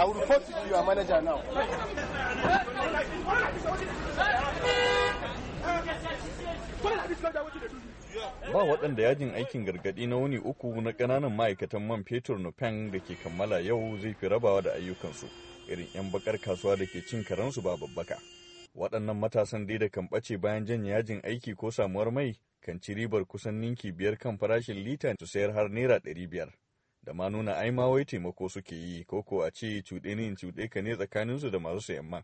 I will report to your manager now. Ba waɗanda yajin aikin gargaɗi na wuni uku na ƙananan ma'aikatan man fetur Nupen da ke kammala yau zai fi rabawa da ayyukansu irin 'yan bakar kasuwa da ke cin karensu ba babbaka. Waɗannan matasan dai da kan ɓace bayan janye yajin aiki ko samuwar mai kan ci ribar kusan ninki biyar kan farashin lita su sayar har naira ɗari biyar. da ma nuna ai ma wai taimako suke yi ko ko a ce cuɗe ne cuɗe ka ne tsakaninsu da masu sayan man.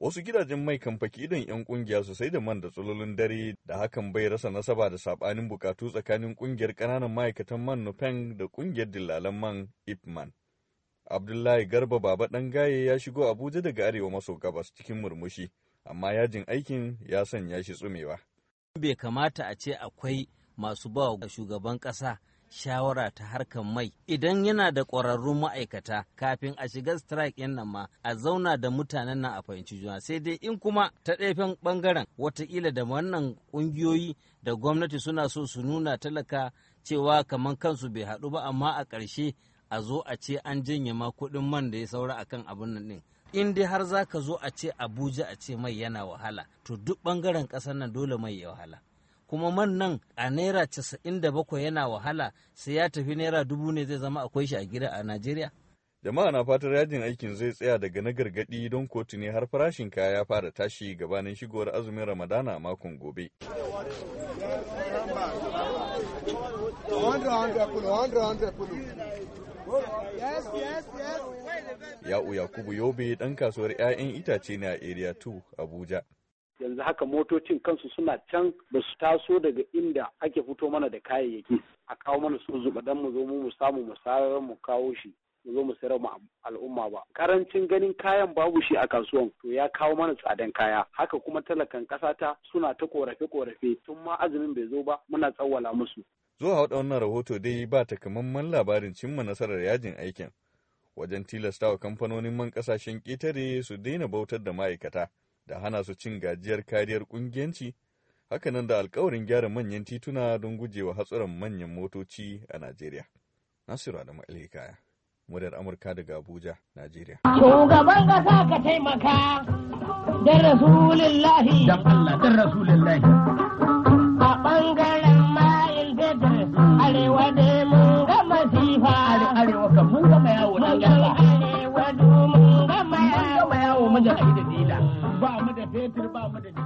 Wasu gidajen mai kan faki idon 'yan kungiya su sai da man da tsololin dare da hakan bai rasa nasaba da sabanin bukatu tsakanin kungiyar kananan ma'aikatan man Nupeng da kungiyar dillalan man Ipman. Abdullahi Garba Baba ɗan gaye ya shigo Abuja daga arewa maso gabas cikin murmushi, amma yajin aikin ya sanya shi tsumewa. Bai kamata a ce akwai masu ba shugaban kasa. shawara ta harkar mai idan yana da ƙwararrun ma'aikata kafin a shiga strike yan nan ma a zauna da mutanen nan a fahimci juna sai dai in kuma ta ɗaifin ɓangaren watakila da wannan ƙungiyoyi da gwamnati suna so su nuna talaka cewa kamar kansu bai haɗu ba amma a ƙarshe a zo a ce an janye ma kuɗin man da ya saura a kan abin nan ɗin in dai har za ka zo a ce abuja a ce mai yana wahala to duk ɓangaren ƙasar nan dole mai ya wahala kuma man nan a naira casa'in da bakwai yana wahala sai ya tafi naira dubu ne zai zama akwai shi a gida a najeriya jama'a na fatar yajin aikin zai tsaya daga na gargadi don kotu ne har farashin kaya ya fara tashi gabanin shigowar azumin ramadana a makon gobe Ya'u Yakubu Yobe ɗan kasuwar 'ya'yan itace ne a Area 2 Abuja. yanzu haka motocin kansu suna can ba su taso daga inda ake fito mana da kayayyaki a kawo mana su zuba dan mu zo mu samu mu mu kawo shi mu zo mu sayar mu al'umma ba karancin ganin kayan babu shi a kasuwan to ya kawo mana tsadan kaya haka kuma talakan ƙasa ta suna ta korafe korafe tun ma azumin bai zo ba muna tsawwala musu zuwa haɗa wannan rahoto dai ba takamaiman labarin cimma nasarar yajin aikin wajen tilasta wa kamfanonin man ƙasashen ƙetare su daina bautar da ma'aikata da hana su cin gajiyar kariyar ƙungiyanci hakanan da alkawarin gyara manyan tituna don gujewa hatsuran manyan motoci a Najeriya. Nasiru Adamu Alhikaya, muryar Amurka daga Abuja, Najeriya. Shugaban ƙasa ka taimaka da Rasulillahi. Allah, A ɓangaren Mayil Bedar, arewa ne mun ga masifa. Arewa kan mun gama yawo Arewa mun gama yawo. Mun gama yawo mun fetur ba mu da